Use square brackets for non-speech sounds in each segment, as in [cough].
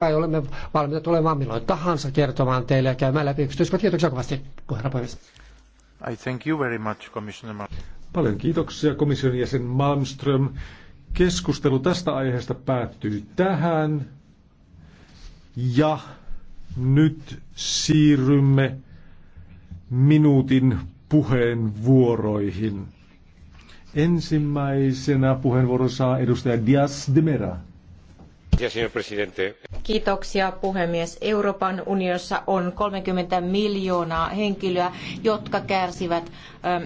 kai olemme valmiita tulemaan milloin tahansa kertomaan teille ja käymään läpi yksityiskohtia. Kiitoksia kovasti, herra I thank you very much, Commissioner Malmström. Paljon kiitoksia komission jäsen Malmström. Keskustelu tästä aiheesta päättyy tähän. Ja nyt siirrymme minuutin puheenvuoroihin. Ensimmäisenä puheenvuoron saa edustaja Dias de Mera. Kiitoksia puhemies. Euroopan unionissa on 30 miljoonaa henkilöä, jotka kärsivät ähm,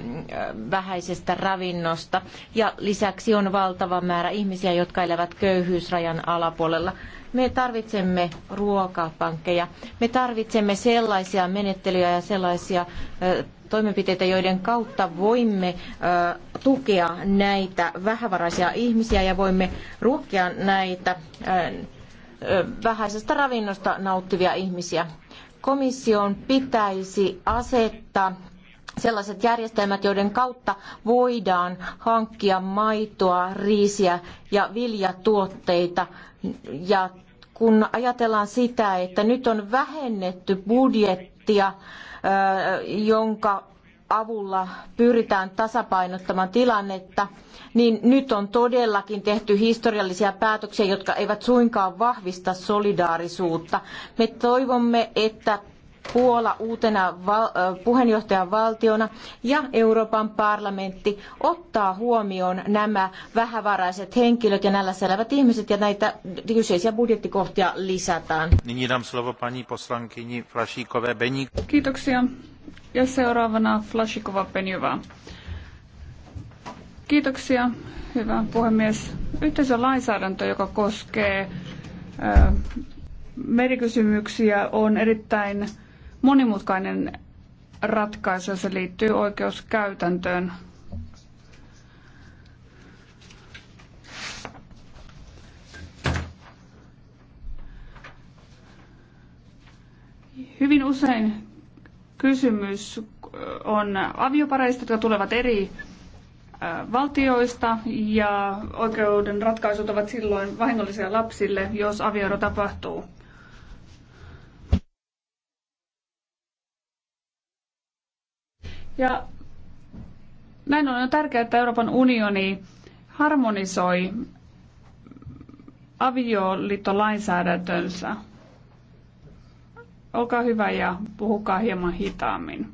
vähäisestä ravinnosta. Ja lisäksi on valtava määrä ihmisiä, jotka elävät köyhyysrajan alapuolella. Me tarvitsemme ruokapankkeja. Me tarvitsemme sellaisia menettelyjä ja sellaisia äh, toimenpiteitä, joiden kautta voimme tukea näitä vähävaraisia ihmisiä ja voimme ruokkia näitä vähäisestä ravinnosta nauttivia ihmisiä. Komission pitäisi asettaa sellaiset järjestelmät, joiden kautta voidaan hankkia maitoa, riisiä ja viljatuotteita. Ja kun ajatellaan sitä, että nyt on vähennetty budjettia, jonka avulla pyritään tasapainottamaan tilannetta, niin nyt on todellakin tehty historiallisia päätöksiä, jotka eivät suinkaan vahvista solidaarisuutta. Me toivomme, että Puola uutena val- puheenjohtajavaltiona ja Euroopan parlamentti ottaa huomioon nämä vähävaraiset henkilöt ja näillä selvät ihmiset ja näitä kyseisiä budjettikohtia lisätään. Kiitoksia. Ja seuraavana Flashikova Kiitoksia, hyvä puhemies. Yhteisön lainsäädäntö, joka koskee merikysymyksiä, on erittäin monimutkainen ratkaisu ja se liittyy oikeuskäytäntöön. Hyvin usein Kysymys on aviopareista, jotka tulevat eri valtioista ja oikeuden ratkaisut ovat silloin vahingollisia lapsille, jos avioero tapahtuu. Ja näin on, tärkeää, että Euroopan unioni harmonisoi avioliittolainsäädäntönsä. Olkaa hyvä ja puhukaa hieman hitaammin.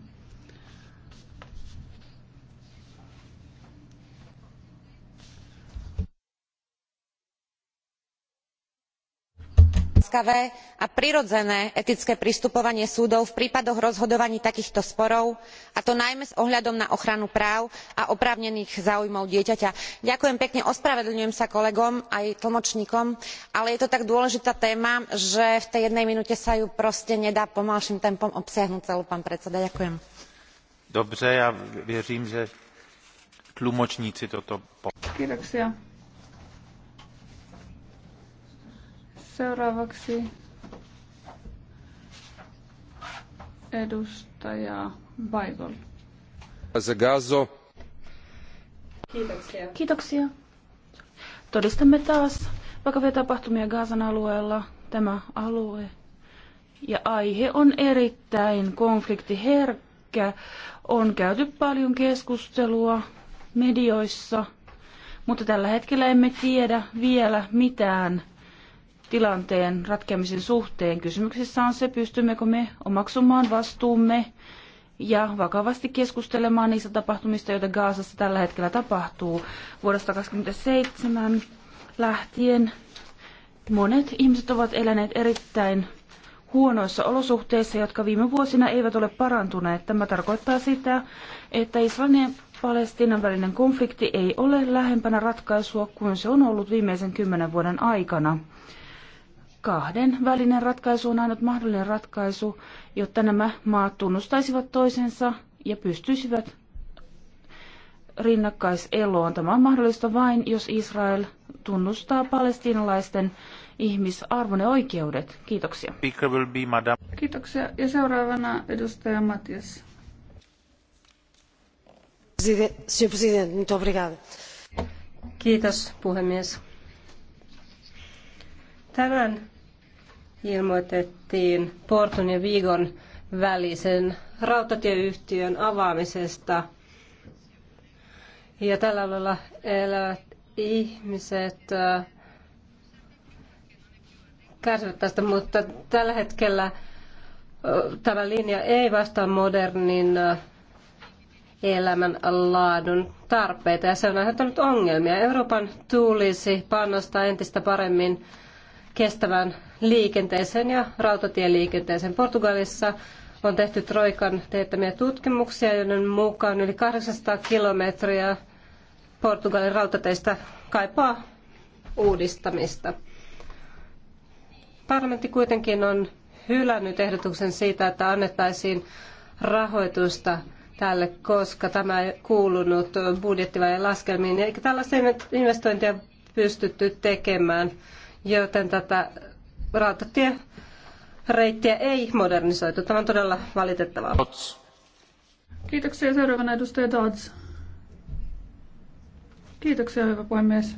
láskavé a prirodzené etické pristupovanie súdov v prípadoch rozhodovaní takýchto sporov a to najmä s ohľadom na ochranu práv a oprávnených záujmov dieťaťa. ďakujem pekne ospravedlňujem sa kolegom aj tlmočníkom ale je to tak dôležitá téma že v tej jednej minúte sa ju proste nedá pomalším tempom obsiahnuť celú pán predseda. ďakujem. Dobře, ja věřím, že tlumočníci toto... Seuraavaksi edustaja Weigel. Gazo. Kiitoksia. Kiitoksia. Todistamme taas vakavia tapahtumia Gaasan alueella. Tämä alue ja aihe on erittäin konfliktiherkkä. On käyty paljon keskustelua medioissa, mutta tällä hetkellä emme tiedä vielä mitään tilanteen ratkeamisen suhteen. Kysymyksessä on se, pystymmekö me omaksumaan vastuumme ja vakavasti keskustelemaan niistä tapahtumista, joita Gaasassa tällä hetkellä tapahtuu. Vuodesta 1927 lähtien monet ihmiset ovat eläneet erittäin huonoissa olosuhteissa, jotka viime vuosina eivät ole parantuneet. Tämä tarkoittaa sitä, että Israelin ja Palestiinan välinen konflikti ei ole lähempänä ratkaisua kuin se on ollut viimeisen kymmenen vuoden aikana kahden välinen ratkaisu on ainut mahdollinen ratkaisu, jotta nämä maat tunnustaisivat toisensa ja pystyisivät rinnakkaiseloon. Tämä on mahdollista vain, jos Israel tunnustaa palestiinalaisten ihmisarvon ja oikeudet. Kiitoksia. Kiitoksia. Ja seuraavana edustaja Matias. Kiitos puhemies. Tämän ilmoitettiin Porton ja Vigon välisen rautatieyhtiön avaamisesta. Ja tällä alueella elävät ihmiset äh, kärsivät tästä, mutta tällä hetkellä äh, tämä linja ei vastaa modernin äh, elämän laadun tarpeita ja se on aiheuttanut ongelmia. Euroopan tulisi panostaa entistä paremmin kestävään liikenteeseen ja rautatieliikenteeseen. Portugalissa on tehty Troikan teettämiä tutkimuksia, joiden mukaan yli 800 kilometriä Portugalin rautateistä kaipaa uudistamista. Parlamentti kuitenkin on hylännyt ehdotuksen siitä, että annettaisiin rahoitusta tälle, koska tämä ei kuulunut budjettivajan laskelmiin. Eikä tällaisia investointeja pystytty tekemään joten tätä rautatiereittiä ei modernisoitu. Tämä on todella valitettavaa. Kiitoksia. Seuraavana edustaja Dodds. Kiitoksia, hyvä puhemies.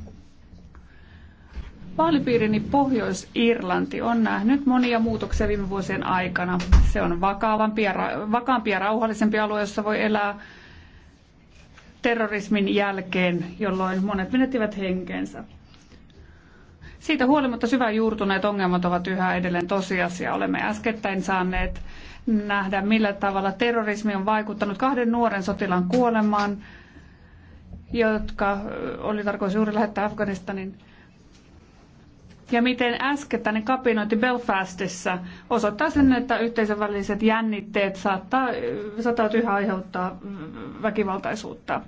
Vaalipiirini Pohjois-Irlanti on nähnyt monia muutoksia viime vuosien aikana. Se on vakavampi ja, vakaampi ja rauhallisempi alue, jossa voi elää terrorismin jälkeen, jolloin monet menettivät henkensä. Siitä huolimatta syvään juurtuneet ongelmat ovat yhä edelleen tosiasia. Olemme äskettäin saaneet nähdä, millä tavalla terrorismi on vaikuttanut kahden nuoren sotilaan kuolemaan, jotka oli tarkoitus juuri lähettää Afganistanin. Ja miten äskettäinen kapinointi Belfastissa osoittaa sen, että yhteisön väliset jännitteet saattaa, saattavat yhä aiheuttaa väkivaltaisuutta.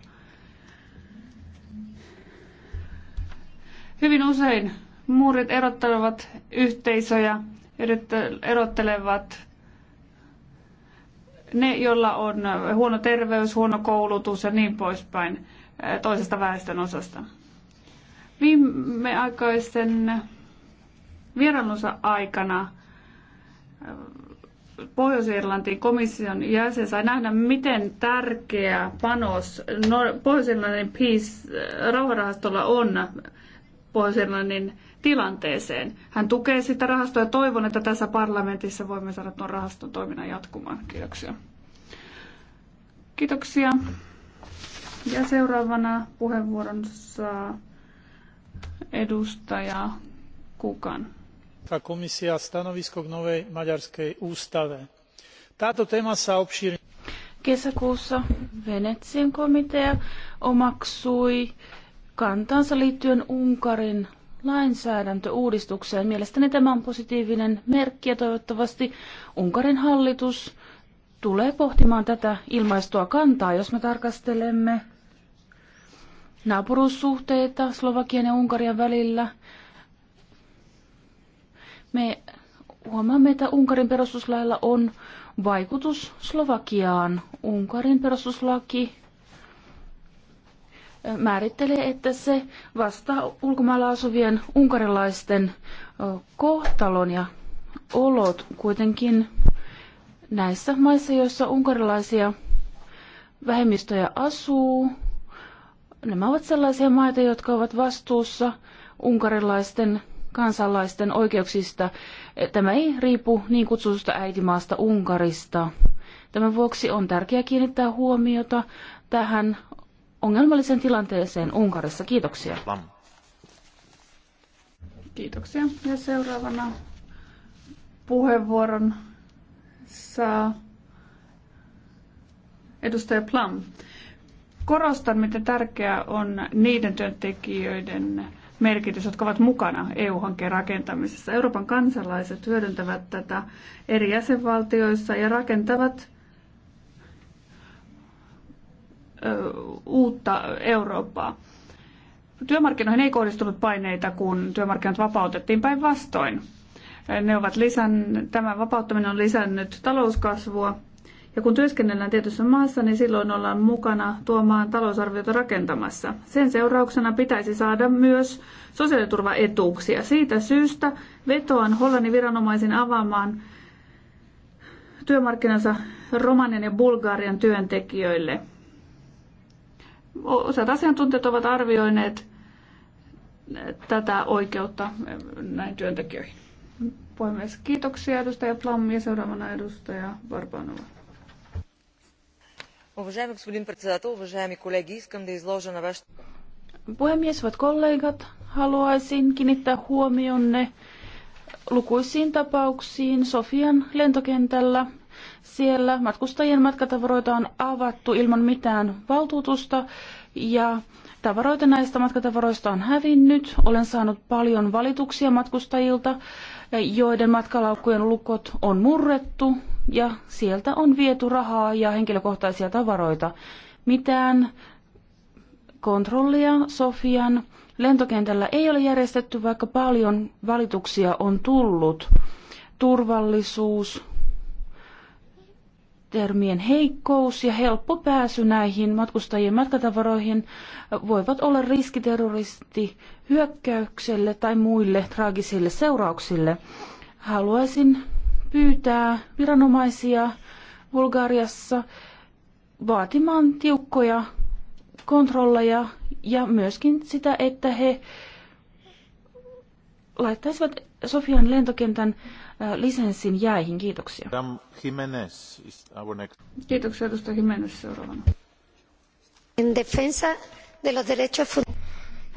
Hyvin usein Muurit erottelevat yhteisöjä, erottelevat ne, joilla on huono terveys, huono koulutus ja niin poispäin eh, toisesta väestön osasta. Viimeaikaisen vierailunsa aikana eh, Pohjois-Irlantin komission jäsen sai nähdä, miten tärkeä panos pohjois irlantin peace, eh, rauharahastolla on Pohjois-Irlannin tilanteeseen. Hän tukee sitä rahastoa ja toivon, että tässä parlamentissa voimme saada tuon rahaston toiminnan jatkumaan. Kiitoksia. Kiitoksia. Ja seuraavana puheenvuoron saa edustaja Kukan. Komisia stanovisko k novej maďarskej ústave. Táto téma sa obšírne kesäkuussa Venetsian komitea omaksui kantansa liittyen Unkarin lainsäädäntöuudistukseen. Mielestäni tämä on positiivinen merkki ja toivottavasti Unkarin hallitus tulee pohtimaan tätä ilmaistua kantaa, jos me tarkastelemme naapuruussuhteita Slovakian ja Unkarian välillä. Me huomaamme, että Unkarin perustuslailla on vaikutus Slovakiaan. Unkarin perustuslaki määrittelee, että se vastaa ulkomailla asuvien unkarilaisten kohtalon ja olot kuitenkin näissä maissa, joissa unkarilaisia vähemmistöjä asuu. Nämä ovat sellaisia maita, jotka ovat vastuussa unkarilaisten kansalaisten oikeuksista. Tämä ei riipu niin kutsutusta äitimaasta Unkarista. Tämän vuoksi on tärkeää kiinnittää huomiota tähän ongelmalliseen tilanteeseen Unkarissa. Kiitoksia. Kiitoksia. Ja seuraavana puheenvuoron saa edustaja Plum. Korostan, miten tärkeää on niiden työntekijöiden merkitys, jotka ovat mukana EU-hankkeen rakentamisessa. Euroopan kansalaiset hyödyntävät tätä eri jäsenvaltioissa ja rakentavat uutta Eurooppaa. Työmarkkinoihin ei kohdistunut paineita, kun työmarkkinat vapautettiin päinvastoin. Ne ovat lisän, tämä vapauttaminen on lisännyt talouskasvua. Ja kun työskennellään tietyssä maassa, niin silloin ollaan mukana tuomaan talousarviota rakentamassa. Sen seurauksena pitäisi saada myös sosiaaliturvaetuuksia. Siitä syystä vetoan Hollannin viranomaisen avaamaan työmarkkinansa Romanian ja Bulgarian työntekijöille – useat asiantuntijat ovat arvioineet tätä oikeutta näin työntekijöihin. Puhemies, kiitoksia edustaja Plammi ja seuraavana edustaja Barbanova. Puhemies, hyvät kollegat, haluaisin kiinnittää huomionne lukuisiin tapauksiin Sofian lentokentällä siellä matkustajien matkatavaroita on avattu ilman mitään valtuutusta ja tavaroita näistä matkatavaroista on hävinnyt. Olen saanut paljon valituksia matkustajilta, joiden matkalaukkujen lukot on murrettu ja sieltä on viety rahaa ja henkilökohtaisia tavaroita. Mitään kontrollia Sofian lentokentällä ei ole järjestetty, vaikka paljon valituksia on tullut. Turvallisuus, termien heikkous ja helppo pääsy näihin matkustajien matkatavaroihin voivat olla riski terroristi hyökkäykselle tai muille traagisille seurauksille. Haluaisin pyytää viranomaisia Bulgariassa vaatimaan tiukkoja kontrolleja ja myöskin sitä, että he laittaisivat Sofian lentokentän lisenssin jäihin. Kiitoksia. Jimenez is our next. Kiitoksia edustaja Jimenez seuraavana. En defensa de los derechos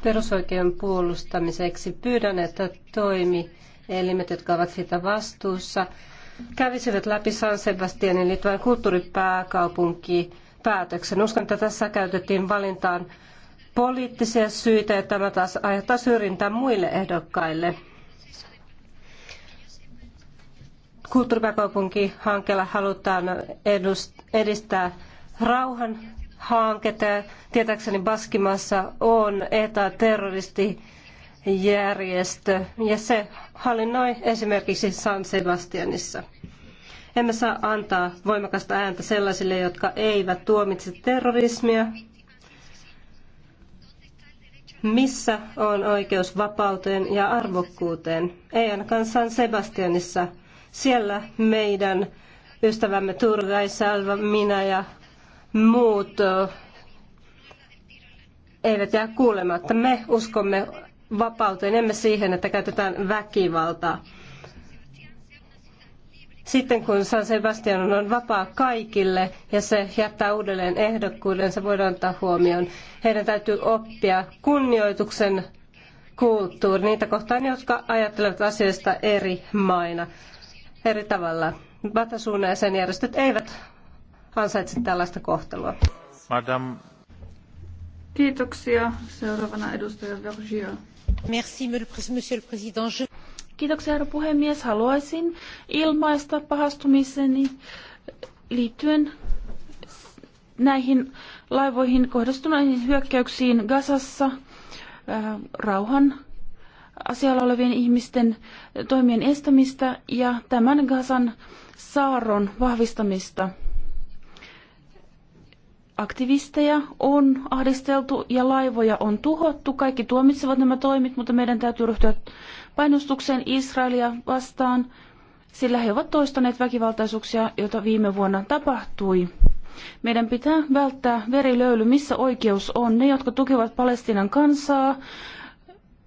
Perusoikeuden puolustamiseksi pyydän, että toimi elimet, jotka ovat siitä vastuussa, kävisivät läpi San Sebastianin liittyvän kulttuuripääkaupunki päätöksen. Uskon, että tässä käytettiin valintaan poliittisia syitä ja tämä taas aiheuttaa syrjintää muille ehdokkaille. kulttuuripääkaupunkihankkeella halutaan edistää rauhan hanketta. Tietääkseni Baskimassa on ETA-terroristijärjestö ja se hallinnoi esimerkiksi San Sebastianissa. Emme saa antaa voimakasta ääntä sellaisille, jotka eivät tuomitse terrorismia. Missä on oikeus vapauteen ja arvokkuuteen? Ei ainakaan San Sebastianissa – siellä meidän ystävämme Turgai, Salva, minä ja muut eivät jää kuulematta. Me uskomme vapauteen, emme siihen, että käytetään väkivaltaa. Sitten kun San Sebastian on vapaa kaikille ja se jättää uudelleen ehdokkuuden, se voidaan ottaa huomioon. Heidän täytyy oppia kunnioituksen kulttuuri niitä kohtaan, jotka ajattelevat asiasta eri maina eri tavalla. Batasuuna ja sen järjestöt eivät ansaitse tällaista kohtelua. Madame. Kiitoksia. Seuraavana edustaja Vergio. Merci, monsieur le président. Je... Kiitoksia, herra puhemies. Haluaisin ilmaista pahastumiseni liittyen näihin laivoihin kohdistuneihin hyökkäyksiin Gasassa äh, rauhan asialla olevien ihmisten toimien estämistä ja tämän Gazan saaron vahvistamista. Aktivisteja on ahdisteltu ja laivoja on tuhottu. Kaikki tuomitsevat nämä toimit, mutta meidän täytyy ryhtyä painostukseen Israelia vastaan, sillä he ovat toistaneet väkivaltaisuuksia, joita viime vuonna tapahtui. Meidän pitää välttää verilöyly, missä oikeus on. Ne, jotka tukevat Palestiinan kansaa,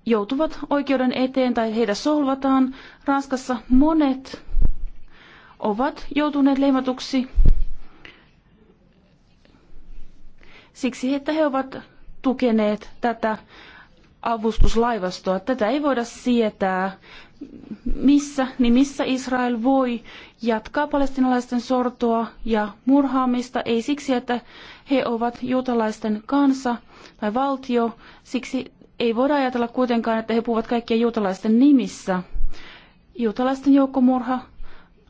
joutuvat oikeuden eteen tai heitä solvataan. Ranskassa monet ovat joutuneet leimatuksi siksi, että he ovat tukeneet tätä avustuslaivastoa. Tätä ei voida sietää. Missä, niin missä Israel voi jatkaa palestinalaisten sortoa ja murhaamista, ei siksi, että he ovat juutalaisten kansa tai valtio, siksi ei voida ajatella kuitenkaan, että he puhuvat kaikkien juutalaisten nimissä. Juutalaisten joukkomurha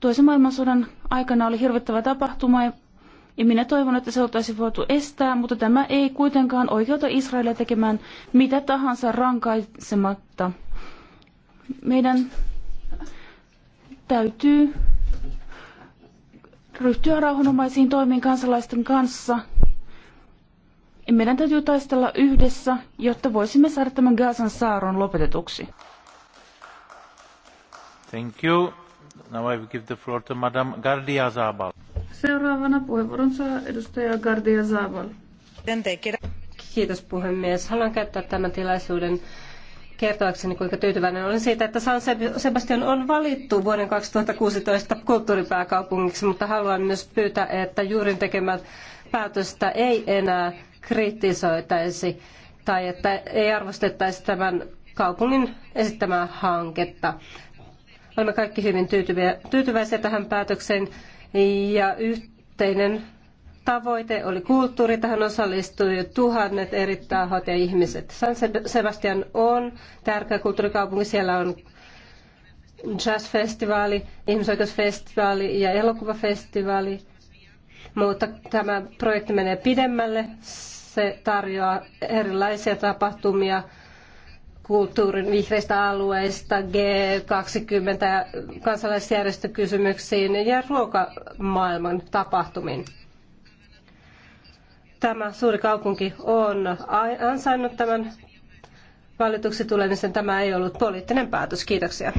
toisen maailmansodan aikana oli hirvittävä tapahtuma ja minä toivon, että se oltaisi voitu estää, mutta tämä ei kuitenkaan oikeuta Israelia tekemään mitä tahansa rankaisematta. Meidän täytyy ryhtyä rauhanomaisiin toimiin kansalaisten kanssa meidän täytyy taistella yhdessä, jotta voisimme saada tämän Gaasan saaron lopetetuksi. Thank you. Now I give the floor to Madame Gardia Zabal. Seuraavana puheenvuoron saa edustaja Gardia Zabal. Kiitos puhemies. Haluan käyttää tämän tilaisuuden kertoakseni, kuinka tyytyväinen olen siitä, että San Sebastian on valittu vuoden 2016 kulttuuripääkaupungiksi, mutta haluan myös pyytää, että juurin tekemät päätöstä ei enää kritisoitaisi tai että ei arvostettaisi tämän kaupungin esittämää hanketta. Olemme kaikki hyvin tyytyväisiä tähän päätökseen ja yhteinen tavoite oli kulttuuri. Tähän osallistui tuhannet eri tahot ja ihmiset. San Sebastian on tärkeä kulttuurikaupunki. Siellä on jazzfestivaali, ihmisoikeusfestivaali ja elokuvafestivaali. Mutta tämä projekti menee pidemmälle. Se tarjoaa erilaisia tapahtumia kulttuurin vihreistä alueista, G20 kansalaisjärjestökysymyksiin ja ruokamaailman tapahtumiin. Tämä suuri kaupunki on ansainnut tämän valituksi tulemisen. Tämä ei ollut poliittinen päätös. Kiitoksia.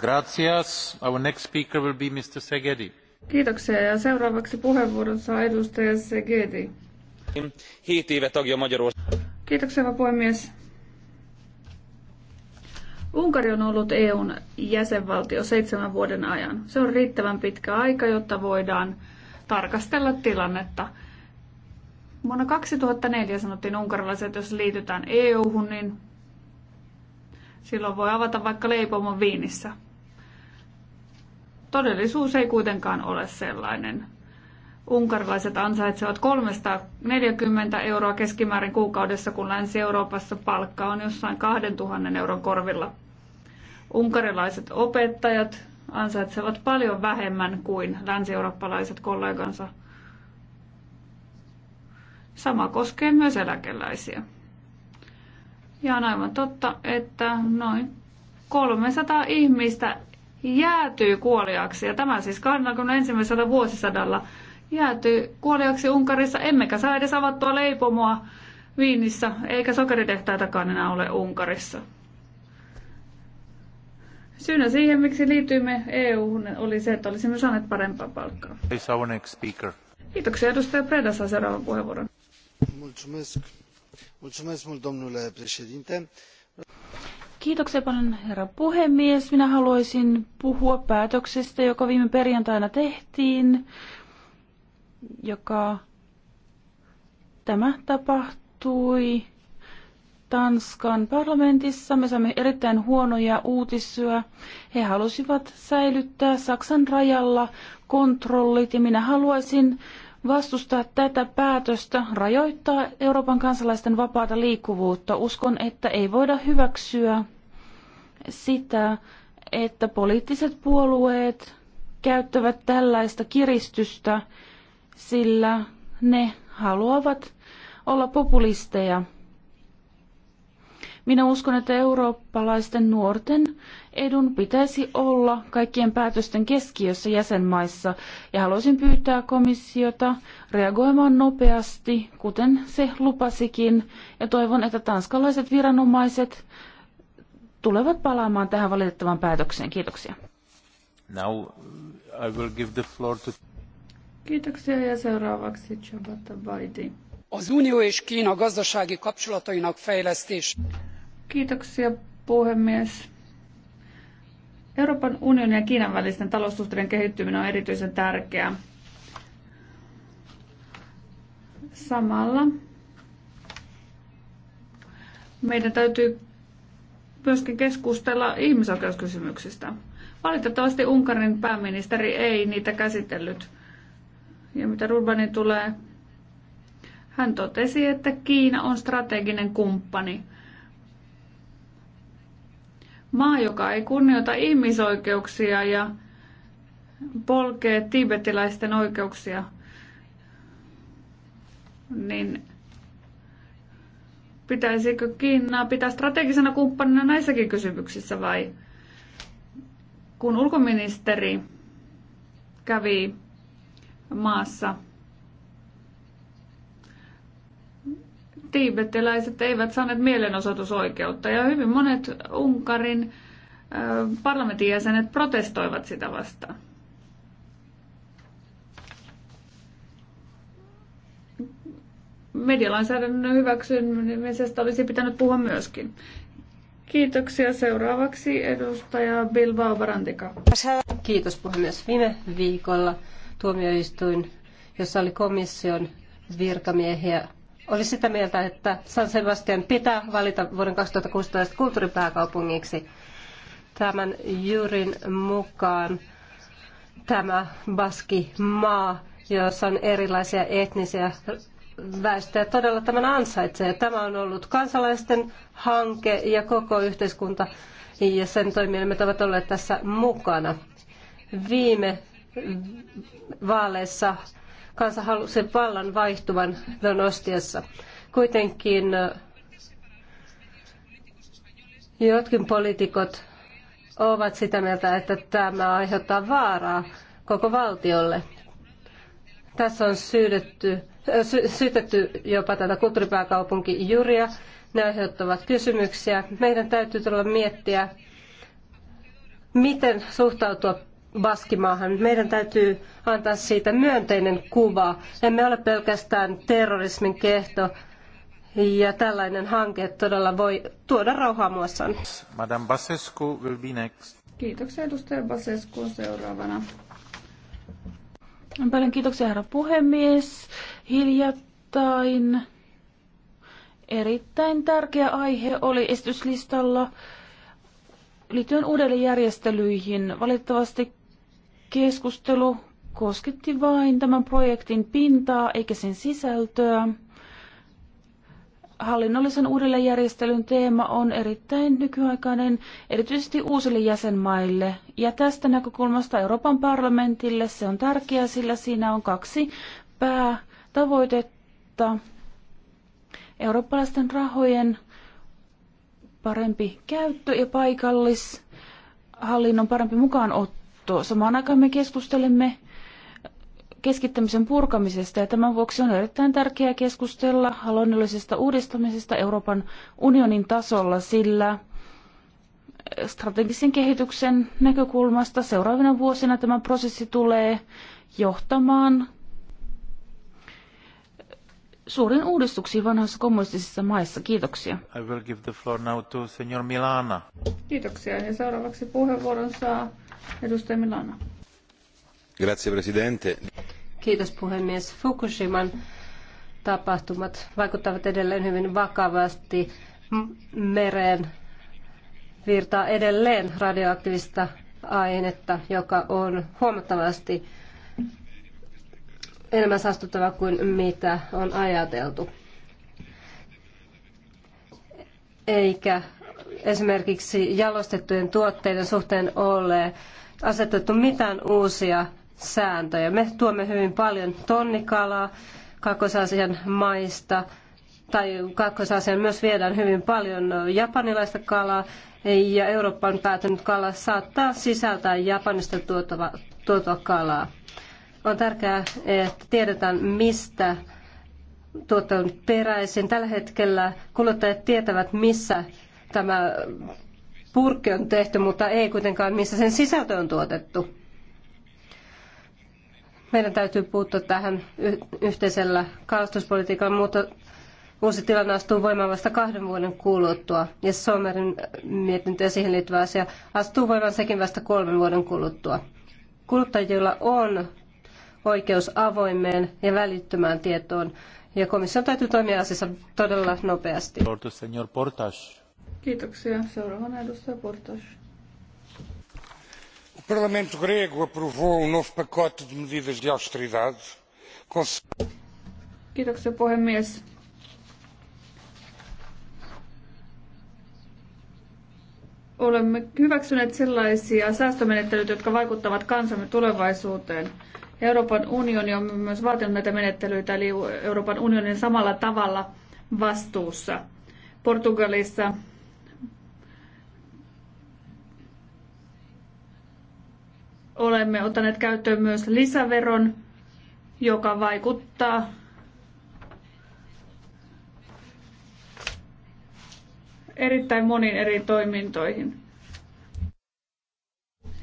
Gracias. Our next speaker will be Mr. Segedi. Kiitoksia ja seuraavaksi puheenvuoron saa edustaja Segedi. Hét éve tagja Magyarország. Kiitoksia, hyvä puhemies. Unkari on ollut EUn jäsenvaltio seitsemän vuoden ajan. Se on riittävän pitkä aika, jotta voidaan tarkastella tilannetta. Vuonna 2004 sanottiin unkarilaiset, että jos liitytään EU-hun, niin silloin voi avata vaikka leipomon viinissä. Todellisuus ei kuitenkaan ole sellainen unkarilaiset ansaitsevat 340 euroa keskimäärin kuukaudessa, kun Länsi-Euroopassa palkka on jossain 2000 euron korvilla. Unkarilaiset opettajat ansaitsevat paljon vähemmän kuin länsi-eurooppalaiset kollegansa. Sama koskee myös eläkeläisiä. Ja on aivan totta, että noin 300 ihmistä jäätyy kuoliaksi, ja tämä siis ensimmäisellä vuosisadalla jääty kuoliaksi Unkarissa, emmekä saa edes avattua leipomoa Viinissä, eikä sokeritehtaitakaan enää ole Unkarissa. Syynä siihen, miksi liityimme EU-hun, oli se, että olisimme saaneet parempaa palkkaa. Kiitoksia edustaja Preda saa seuraavan puheenvuoron. Mulțumesc. Mulțumesc mult, domnule președinte. Kiitoksia paljon, herra puhemies. Minä haluaisin puhua päätöksestä, joka viime perjantaina tehtiin joka tämä tapahtui Tanskan parlamentissa. Me saimme erittäin huonoja uutisia. He halusivat säilyttää Saksan rajalla kontrollit ja minä haluaisin vastustaa tätä päätöstä rajoittaa Euroopan kansalaisten vapaata liikkuvuutta. Uskon, että ei voida hyväksyä sitä, että poliittiset puolueet käyttävät tällaista kiristystä sillä ne haluavat olla populisteja. Minä uskon, että eurooppalaisten nuorten edun pitäisi olla kaikkien päätösten keskiössä jäsenmaissa, ja haluaisin pyytää komissiota reagoimaan nopeasti, kuten se lupasikin, ja toivon, että tanskalaiset viranomaiset tulevat palaamaan tähän valitettavaan päätökseen. Kiitoksia. Now I will give the floor to... Kiitoksia ja seuraavaksi Chabata Baidi. Az Unió és Kína gazdasági kapcsolatainak fejlesztés. Kiitoksia puhemies. Euroopan unionin ja Kiinan välisten taloussuhteiden kehittyminen on erityisen tärkeää. Samalla meidän täytyy myöskin keskustella ihmisoikeuskysymyksistä. Valitettavasti Unkarin pääministeri ei niitä käsitellyt ja mitä Rubani tulee, hän totesi, että Kiina on strateginen kumppani. Maa, joka ei kunnioita ihmisoikeuksia ja polkee tibetiläisten oikeuksia, niin pitäisikö Kiinaa pitää strategisena kumppanina näissäkin kysymyksissä vai kun ulkoministeri kävi maassa. Tiibettiläiset eivät saaneet mielenosoitusoikeutta ja hyvin monet Unkarin parlamentin jäsenet protestoivat sitä vastaan. medialainsäädännön hyväksymisestä olisi pitänyt puhua myöskin. Kiitoksia. Seuraavaksi edustaja Bilbao Barantika. Kiitos puhemies. Viime viikolla tuomioistuin, jossa oli komission virkamiehiä, oli sitä mieltä, että San Sebastian pitää valita vuoden 2016 kulttuuripääkaupungiksi. Tämän juurin mukaan tämä baski maa, jossa on erilaisia etnisiä väestöjä, todella tämän ansaitsee. Tämä on ollut kansalaisten hanke ja koko yhteiskunta ja sen toimielimet ovat olleet tässä mukana. Viime vaaleissa kansa halusi vallan vaihtuvan Donostiassa. Kuitenkin jotkin poliitikot ovat sitä mieltä, että tämä aiheuttaa vaaraa koko valtiolle. Tässä on syydetty, sy, syytetty jopa tätä kulttuuripääkaupunki Juria. Ne aiheuttavat kysymyksiä. Meidän täytyy tulla miettiä, miten suhtautua Baskimaahan. Meidän täytyy antaa siitä myönteinen kuva. Emme ole pelkästään terrorismin kehto, ja tällainen hanke todella voi tuoda rauhaa muassaan. Madame Basescu will be next. Kiitoksia edustaja Basescu seuraavana. Paljon kiitoksia herra puhemies. Hiljattain erittäin tärkeä aihe oli esityslistalla liittyen uudelleenjärjestelyihin. Valitettavasti keskustelu kosketti vain tämän projektin pintaa eikä sen sisältöä. Hallinnollisen uudelleenjärjestelyn teema on erittäin nykyaikainen, erityisesti uusille jäsenmaille. Ja tästä näkökulmasta Euroopan parlamentille se on tärkeää, sillä siinä on kaksi päätavoitetta. Eurooppalaisten rahojen parempi käyttö ja paikallishallinnon parempi mukaanotto muuttua. Samaan aikaan me keskustelemme keskittämisen purkamisesta ja tämän vuoksi on erittäin tärkeää keskustella hallinnollisesta uudistamisesta Euroopan unionin tasolla, sillä strategisen kehityksen näkökulmasta seuraavina vuosina tämä prosessi tulee johtamaan suurin uudistuksiin vanhassa kommunistisissa maissa. Kiitoksia. I will give the floor now to Senor Milana. Kiitoksia. Ja seuraavaksi puheenvuoron saa Grazie, presidente. Kiitos puhemies. Fukushiman tapahtumat vaikuttavat edelleen hyvin vakavasti. Mereen virtaa edelleen radioaktiivista ainetta, joka on huomattavasti enemmän saastuttava kuin mitä on ajateltu. Eikä esimerkiksi jalostettujen tuotteiden suhteen ole asetettu mitään uusia sääntöjä. Me tuomme hyvin paljon tonnikalaa Kaakkois-Aasian maista, tai Kaakkois-Aasian myös viedään hyvin paljon japanilaista kalaa, ja Euroopan päätynyt kala saattaa sisältää Japanista tuotava, tuotua kalaa. On tärkeää, että tiedetään, mistä tuote on peräisin. Tällä hetkellä kuluttajat tietävät, missä tämä purkki on tehty, mutta ei kuitenkaan missä sen sisältö on tuotettu. Meidän täytyy puuttua tähän yhteisellä kalastuspolitiikalla, mutta uusi tilanne astuu voimaan vasta kahden vuoden kuluttua. Ja Somerin mietintö ja siihen liittyvä asia astuu voimaan sekin vasta kolmen vuoden kuluttua. Kuluttajilla on oikeus avoimeen ja välittömään tietoon, ja komission täytyy toimia asiassa todella nopeasti. Portas, Kiitoksia. Seuraavana edustaja Portas. O Parlamento grego aprovou um novo pacote de medidas de austeridade. Kiitoksia puhemies. Olemme hyväksyneet sellaisia säästömenettelyitä, jotka vaikuttavat kansamme tulevaisuuteen. Euroopan unioni on myös vaatinut näitä menettelyitä, eli Euroopan unionin samalla tavalla vastuussa. Portugalissa olemme ottaneet käyttöön myös lisäveron, joka vaikuttaa erittäin moniin eri toimintoihin.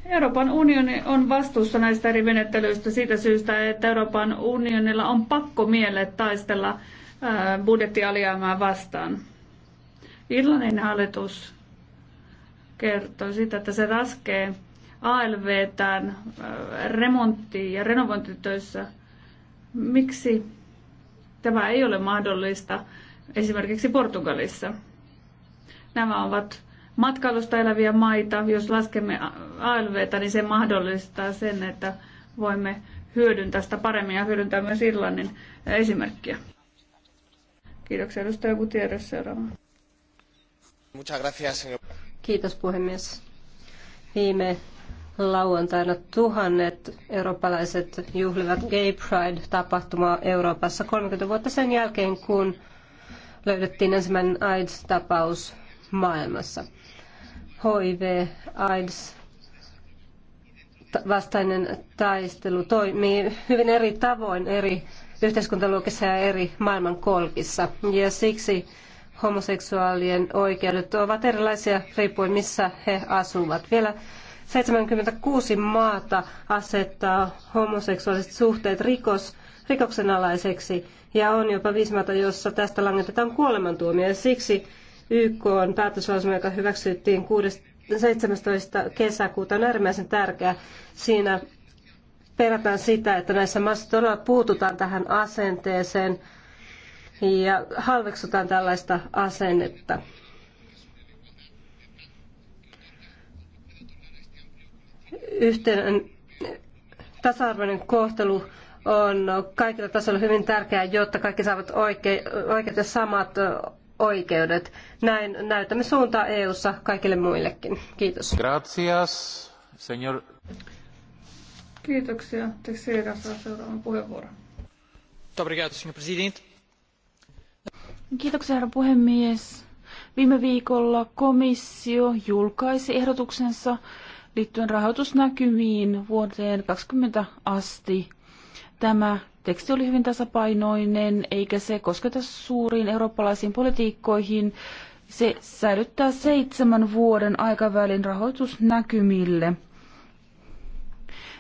Euroopan unioni on vastuussa näistä eri menettelyistä siitä syystä, että Euroopan unionilla on pakko mielle taistella budjettialijäämää vastaan. Irlannin hallitus kertoi sitä, että se raskee ALV-tään äh, remontti- ja renovointitöissä. Miksi tämä ei ole mahdollista esimerkiksi Portugalissa? Nämä ovat matkailusta eläviä maita. Jos laskemme ALVtä, niin se mahdollistaa sen, että voimme hyödyntää sitä paremmin ja hyödyntää myös Irlannin esimerkkiä. Kiitoksia edustaja Gutierrez seuraava. Kiitos puhemies. Viime lauantaina tuhannet eurooppalaiset juhlivat Gay Pride-tapahtumaa Euroopassa 30 vuotta sen jälkeen, kun löydettiin ensimmäinen AIDS-tapaus maailmassa. HIV, AIDS, vastainen taistelu toimii hyvin eri tavoin eri yhteiskuntaluokissa ja eri maailmankolkissa. Ja siksi homoseksuaalien oikeudet ovat erilaisia riippuen missä he asuvat. Vielä 76 maata asettaa homoseksuaaliset suhteet rikos, rikoksenalaiseksi ja on jopa viisi maata, jossa tästä langetetaan kuolemantuomio. Ja siksi YK on päätöslausuma, joka hyväksyttiin 6, 17. kesäkuuta, on äärimmäisen tärkeä. Siinä perätään sitä, että näissä maissa todella puututaan tähän asenteeseen ja halveksutaan tällaista asennetta. yhteen, tasa-arvoinen kohtelu on kaikilla tasoilla hyvin tärkeää, jotta kaikki saavat oikeat, ja samat oikeudet. Näin näytämme suuntaa EU-ssa kaikille muillekin. Kiitos. Gracias, señor. Kiitoksia. Teixeira saa seuraavan puheenvuoron. Obrigado, señor presidente. Kiitoksia, herra puhemies. Viime viikolla komissio julkaisi ehdotuksensa liittyen rahoitusnäkymiin vuoteen 20 asti. Tämä teksti oli hyvin tasapainoinen, eikä se kosketa suuriin eurooppalaisiin politiikkoihin. Se säilyttää seitsemän vuoden aikavälin rahoitusnäkymille.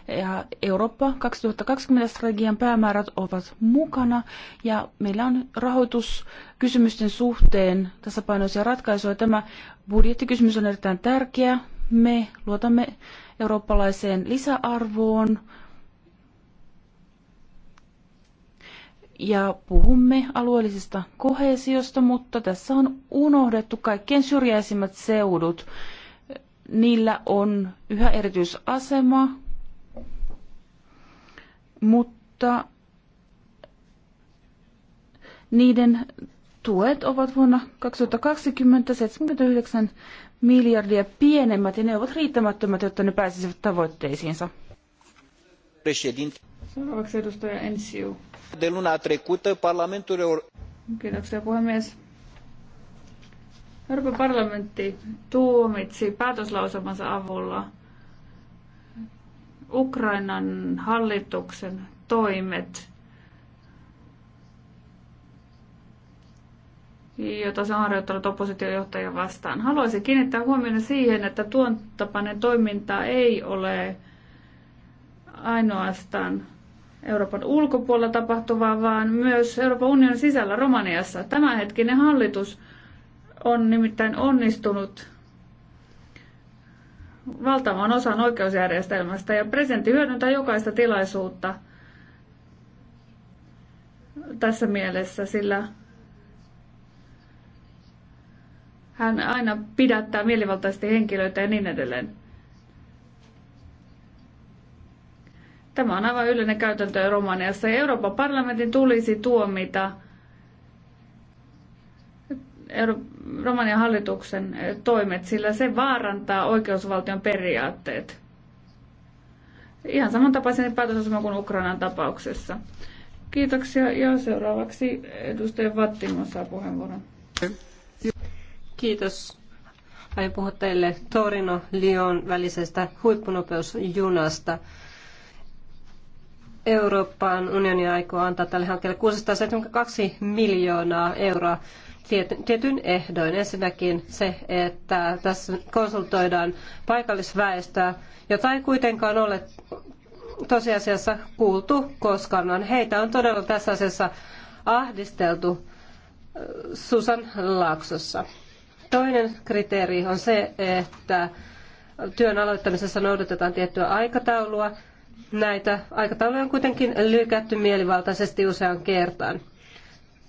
Ja Eurooppa 2020-strategian päämäärät ovat mukana ja meillä on rahoituskysymysten suhteen tasapainoisia ratkaisuja. Tämä budjettikysymys on erittäin tärkeä. Me luotamme eurooppalaiseen lisäarvoon ja puhumme alueellisesta kohesiosta, mutta tässä on unohdettu kaikkein syrjäisimmät seudut. Niillä on yhä erityisasema, mutta niiden tuet ovat vuonna 2020 79 miljardia pienemmät ja ne ovat riittämättömät, jotta ne pääsisivät tavoitteisiinsa. Seuraavaksi edustaja Ensiu. De luna trecută, Parlamentul Kiitoksia puhemies. Euroopan parlamentti tuomitsi päätöslausemansa avulla Ukrainan hallituksen toimet jota se on harjoittanut oppositiojohtajia vastaan. Haluaisin kiinnittää huomiota siihen, että tuon tapainen toiminta ei ole ainoastaan Euroopan ulkopuolella tapahtuvaa, vaan myös Euroopan unionin sisällä Romaniassa. Tämänhetkinen hallitus on nimittäin onnistunut valtavan osan oikeusjärjestelmästä ja presidentti hyödyntää jokaista tilaisuutta tässä mielessä, sillä Hän aina pidättää mielivaltaisesti henkilöitä ja niin edelleen. Tämä on aivan yleinen käytäntö Romaniassa. Euroopan parlamentin tulisi tuomita Euro- Romanian hallituksen toimet, sillä se vaarantaa oikeusvaltion periaatteet. Ihan samantapaisen päätösasema kuin Ukrainan tapauksessa. Kiitoksia ja seuraavaksi edustaja Vattimo saa puheenvuoron. Kiitos. Aion puhua teille Torino-Lyon välisestä huippunopeusjunasta. Euroopan unioni aikoo antaa tälle hankkeelle 672 miljoonaa euroa tietyn ehdoin. Ensinnäkin se, että tässä konsultoidaan paikallisväestöä, jota ei kuitenkaan ole tosiasiassa kuultu koskaan, vaan heitä on todella tässä asiassa ahdisteltu äh, Susan Laaksossa. Toinen kriteeri on se, että työn aloittamisessa noudatetaan tiettyä aikataulua. Näitä aikatauluja on kuitenkin lykätty mielivaltaisesti usean kertaan.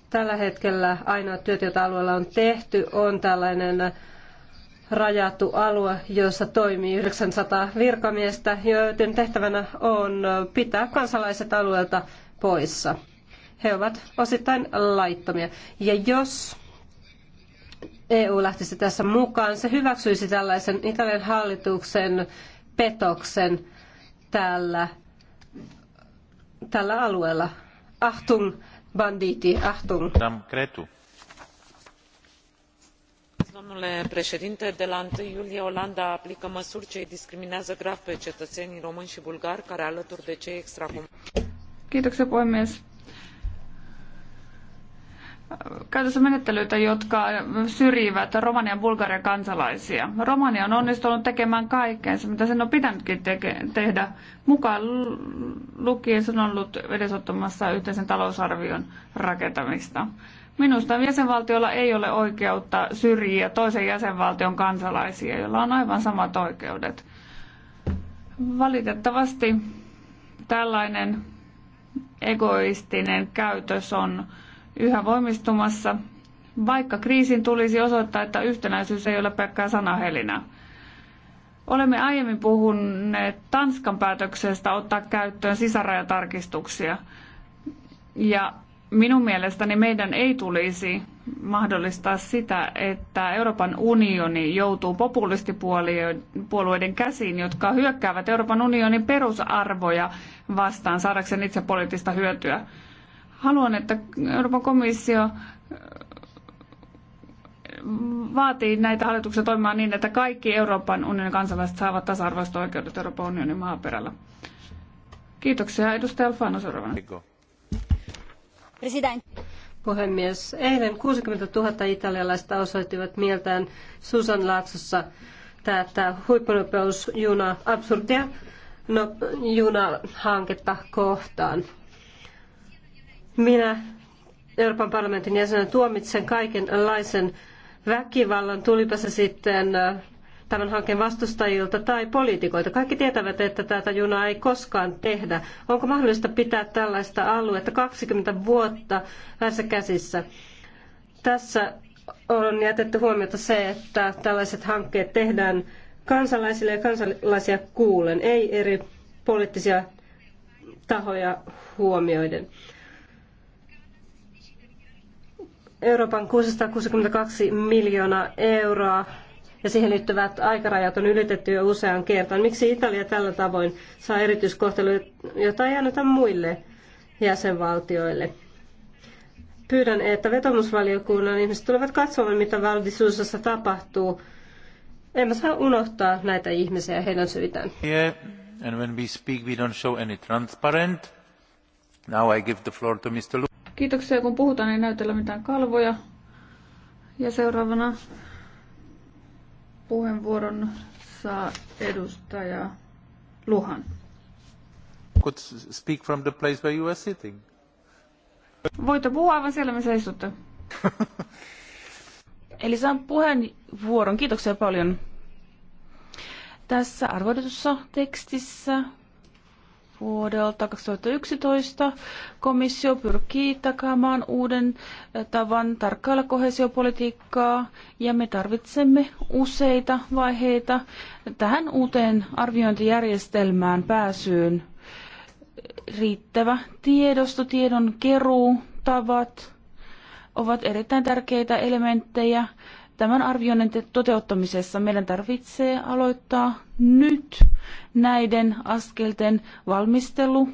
Tällä hetkellä ainoa työt, jota alueella on tehty, on tällainen rajattu alue, jossa toimii 900 virkamiestä, joiden tehtävänä on pitää kansalaiset alueelta poissa. He ovat osittain laittomia. Ja jos EU lähtisi tässä mukaan. Se hyväksyisi tällaisen Italian hallituksen petoksen tällä, tällä alueella. Achtung, banditi, Achtung. Cretu. Domnule președinte, de la 1 iulie Olanda aplică măsuri ce îi discriminează grav pe cetățenii români și bulgari care alături de cei extracomunitari. Kiitoksia puhemies käytössä menettelyitä, jotka syrjivät Romanian ja Bulgarian kansalaisia. Romania on onnistunut tekemään kaikkeensa, mitä sen on pitänytkin teke- tehdä, mukaan lukien se on ollut edesottamassa yhteisen talousarvion rakentamista. Minusta jäsenvaltiolla ei ole oikeutta syrjiä toisen jäsenvaltion kansalaisia, joilla on aivan samat oikeudet. Valitettavasti tällainen egoistinen käytös on yhä voimistumassa, vaikka kriisin tulisi osoittaa, että yhtenäisyys ei ole pelkkää sanahelinää. Olemme aiemmin puhuneet Tanskan päätöksestä ottaa käyttöön sisärajatarkistuksia. Ja minun mielestäni meidän ei tulisi mahdollistaa sitä, että Euroopan unioni joutuu populistipuolueiden käsiin, jotka hyökkäävät Euroopan unionin perusarvoja vastaan saadakseen itse poliittista hyötyä. Haluan, että Euroopan komissio äh, vaatii näitä hallituksia toimimaan niin, että kaikki Euroopan unionin kansalaiset saavat tasa-arvoiset oikeudet Euroopan unionin maaperällä. Kiitoksia. Edustaja Alfano seuraavana. Puhemies, eilen 60 000 italialaista osoittivat mieltään Susan Laatsossa tätä huippunopeusjuna absurdia no, junahanketta kohtaan. Minä Euroopan parlamentin jäsenenä tuomitsen kaikenlaisen väkivallan, tulipa se sitten äh, tämän hankkeen vastustajilta tai poliitikoilta. Kaikki tietävät, että tätä junaa ei koskaan tehdä. Onko mahdollista pitää tällaista aluetta 20 vuotta näissä käsissä? Tässä on jätetty huomiota se, että tällaiset hankkeet tehdään kansalaisille ja kansalaisia kuulen, ei eri poliittisia tahoja huomioiden. Euroopan 662 miljoonaa euroa ja siihen liittyvät aikarajat on ylitetty jo useaan kertaan. Miksi Italia tällä tavoin saa erityiskohtelua, jota ei anneta muille jäsenvaltioille? Pyydän, että vetomusvaliokunnan ihmiset tulevat katsomaan, mitä Valdisuusassa tapahtuu. Emme saa unohtaa näitä ihmisiä ja heidän syitään. Yeah. And when we speak, we don't show any transparent. Now I give the floor to Mr. Lu Kiitoksia, kun puhutaan, ei näytellä mitään kalvoja. Ja seuraavana puheenvuoron saa edustaja Luhan. Could speak from the place where you are sitting. Voitte puhua aivan siellä, missä istutte. [laughs] Eli saan puheenvuoron. Kiitoksia paljon. Tässä arvoitetussa tekstissä vuodelta 2011 komissio pyrkii takaamaan uuden eh, tavan tarkkailla kohesiopolitiikkaa ja me tarvitsemme useita vaiheita tähän uuteen arviointijärjestelmään pääsyyn. Riittävä tiedosto, tiedon keruu, tavat ovat erittäin tärkeitä elementtejä tämän arvioinnin toteuttamisessa meidän tarvitsee aloittaa nyt näiden askelten valmistelu.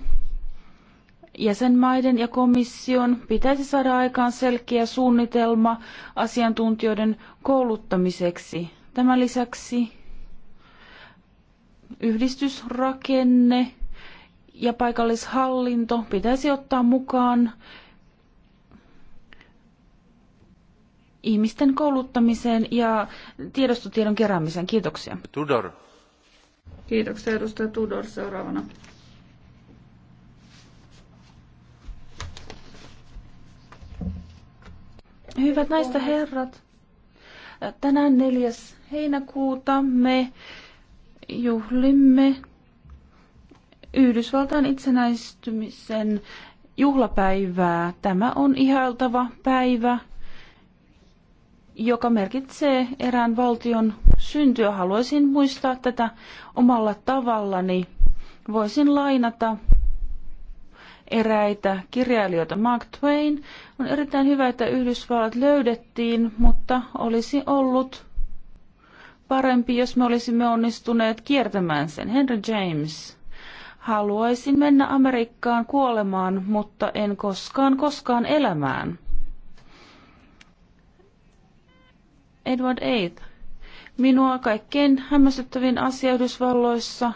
Jäsenmaiden ja komission pitäisi saada aikaan selkeä suunnitelma asiantuntijoiden kouluttamiseksi. Tämän lisäksi yhdistysrakenne ja paikallishallinto pitäisi ottaa mukaan ihmisten kouluttamiseen ja tiedostotiedon keräämiseen. Kiitoksia. Tudor. Kiitoksia edustaja Tudor seuraavana. Hyvät naiset ja herrat, tänään 4. heinäkuuta me juhlimme Yhdysvaltain itsenäistymisen juhlapäivää. Tämä on ihailtava päivä joka merkitsee erään valtion syntyä. Haluaisin muistaa tätä omalla tavallani. Voisin lainata eräitä kirjailijoita. Mark Twain on erittäin hyvä, että Yhdysvallat löydettiin, mutta olisi ollut parempi, jos me olisimme onnistuneet kiertämään sen. Henry James. Haluaisin mennä Amerikkaan kuolemaan, mutta en koskaan koskaan elämään. Edward VIII. Minua kaikkein hämmästyttävin asia Yhdysvalloissa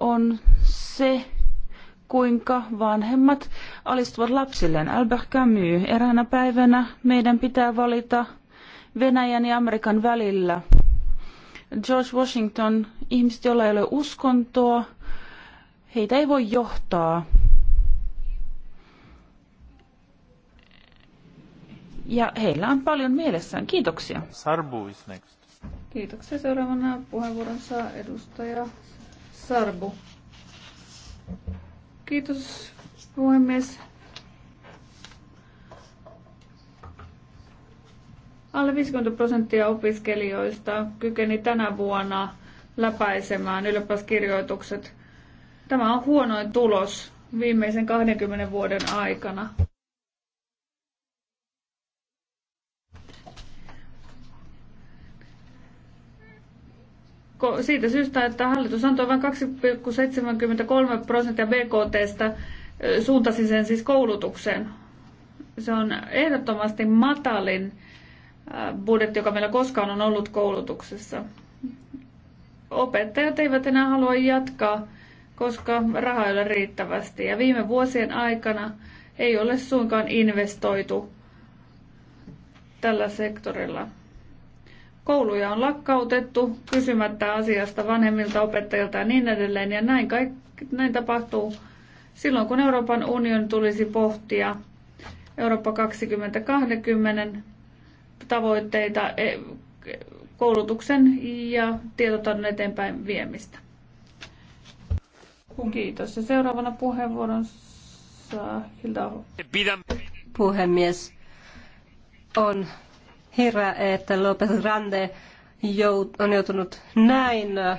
on se, kuinka vanhemmat alistuvat lapsilleen. Albert Camus, eräänä päivänä meidän pitää valita Venäjän ja Amerikan välillä. George Washington, ihmiset, joilla ei ole uskontoa, heitä ei voi johtaa. Ja heillä on paljon mielessään. Kiitoksia. Sarbu is next. Kiitoksia. Seuraavana puheenvuoron saa edustaja Sarbu. Kiitos puhemies. Alle 50 prosenttia opiskelijoista kykeni tänä vuonna läpäisemään ylioppilaskirjoitukset. Tämä on huonoin tulos viimeisen 20 vuoden aikana. siitä syystä, että hallitus antoi vain 2,73 prosenttia BKTstä suuntasi sen siis koulutukseen. Se on ehdottomasti matalin budjetti, joka meillä koskaan on ollut koulutuksessa. Opettajat eivät enää halua jatkaa, koska rahaa ei ole riittävästi. Ja viime vuosien aikana ei ole suinkaan investoitu tällä sektorilla. Kouluja on lakkautettu kysymättä asiasta vanhemmilta, opettajilta ja niin edelleen. Ja näin, kaik, näin tapahtuu silloin, kun Euroopan unioni tulisi pohtia Eurooppa 2020 tavoitteita e, koulutuksen ja tietotaidon eteenpäin viemistä. Kiitos. Ja seuraavana puheenvuoron saa Hilda Puhemies, on Herra, että Lopez Grande on joutunut näin äh,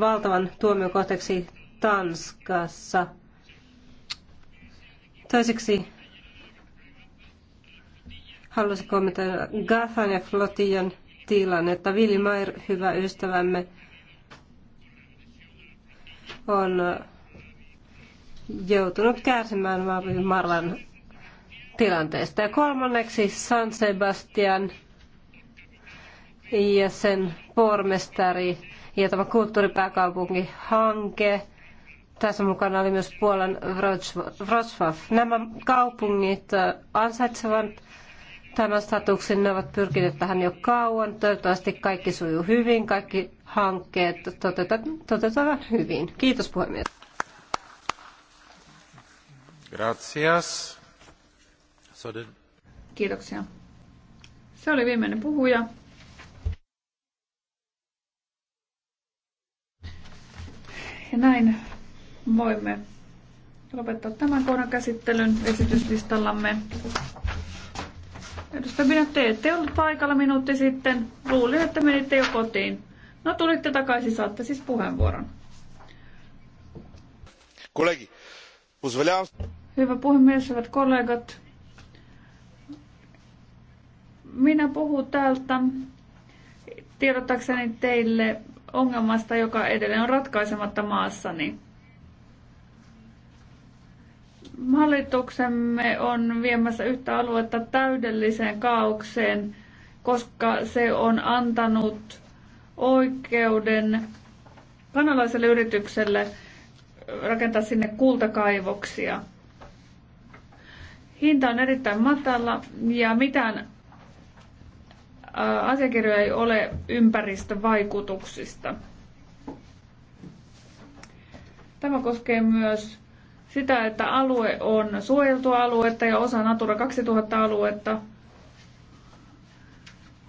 valtavan tuomion kohteeksi Tanskassa. Toiseksi haluaisin kommentoida Gathan ja Flotian tilannetta. Vili Mair, hyvä ystävämme, on äh, joutunut kärsimään Marlan tilanteesta. Ja kolmanneksi San Sebastian ja sen pormestari ja tämä kulttuuripääkaupunki Hanke Tässä mukana oli myös Puolan Wrocław. Nämä kaupungit ansaitsevat tämän statuksen. Ne ovat pyrkineet tähän jo kauan. Toivottavasti kaikki sujuu hyvin, kaikki hankkeet toteutetaan hyvin. Kiitos puhemies. Gracias. Kiitoksia. Se oli viimeinen puhuja. Ja näin voimme lopettaa tämän kohdan käsittelyn esityslistallamme. Edustaja minä te ette ollut paikalla minuutti sitten. Luulin, että menitte jo kotiin. No tulitte takaisin, saatte siis puheenvuoron. Kollegi, Hyvä puhemies, hyvät kollegat. Minä puhun täältä tiedottakseni teille ongelmasta, joka edelleen on ratkaisematta maassani. Hallituksemme on viemässä yhtä aluetta täydelliseen kaaukseen, koska se on antanut oikeuden kanalaiselle yritykselle rakentaa sinne kultakaivoksia. Hinta on erittäin matala ja mitään Äh, asiakirjoja ei ole ympäristövaikutuksista. Tämä koskee myös sitä, että alue on suojeltua aluetta ja osa Natura 2000-aluetta.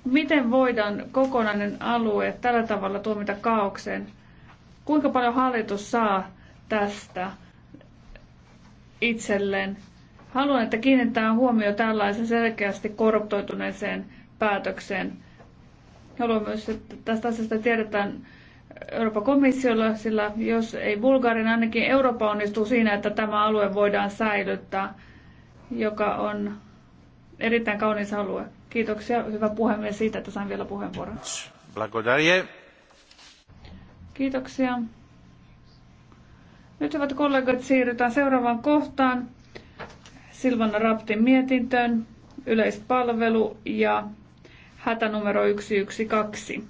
Miten voidaan kokonainen alue tällä tavalla tuomita kaaukseen? Kuinka paljon hallitus saa tästä itselleen? Haluan, että kiinnitetään huomio tällaisen selkeästi korruptoituneeseen päätökseen. Haluan myös, että tästä asiasta tiedetään Euroopan komissiolla, sillä jos ei Bulgarin, niin ainakin Eurooppa onnistuu siinä, että tämä alue voidaan säilyttää, joka on erittäin kaunis alue. Kiitoksia, hyvä puhemies, siitä, että sain vielä puheenvuoron. Kiitoksia. Nyt hyvät kollegat, siirrytään seuraavaan kohtaan. Silvana Raptin mietintöön, yleispalvelu ja hätänumero 112.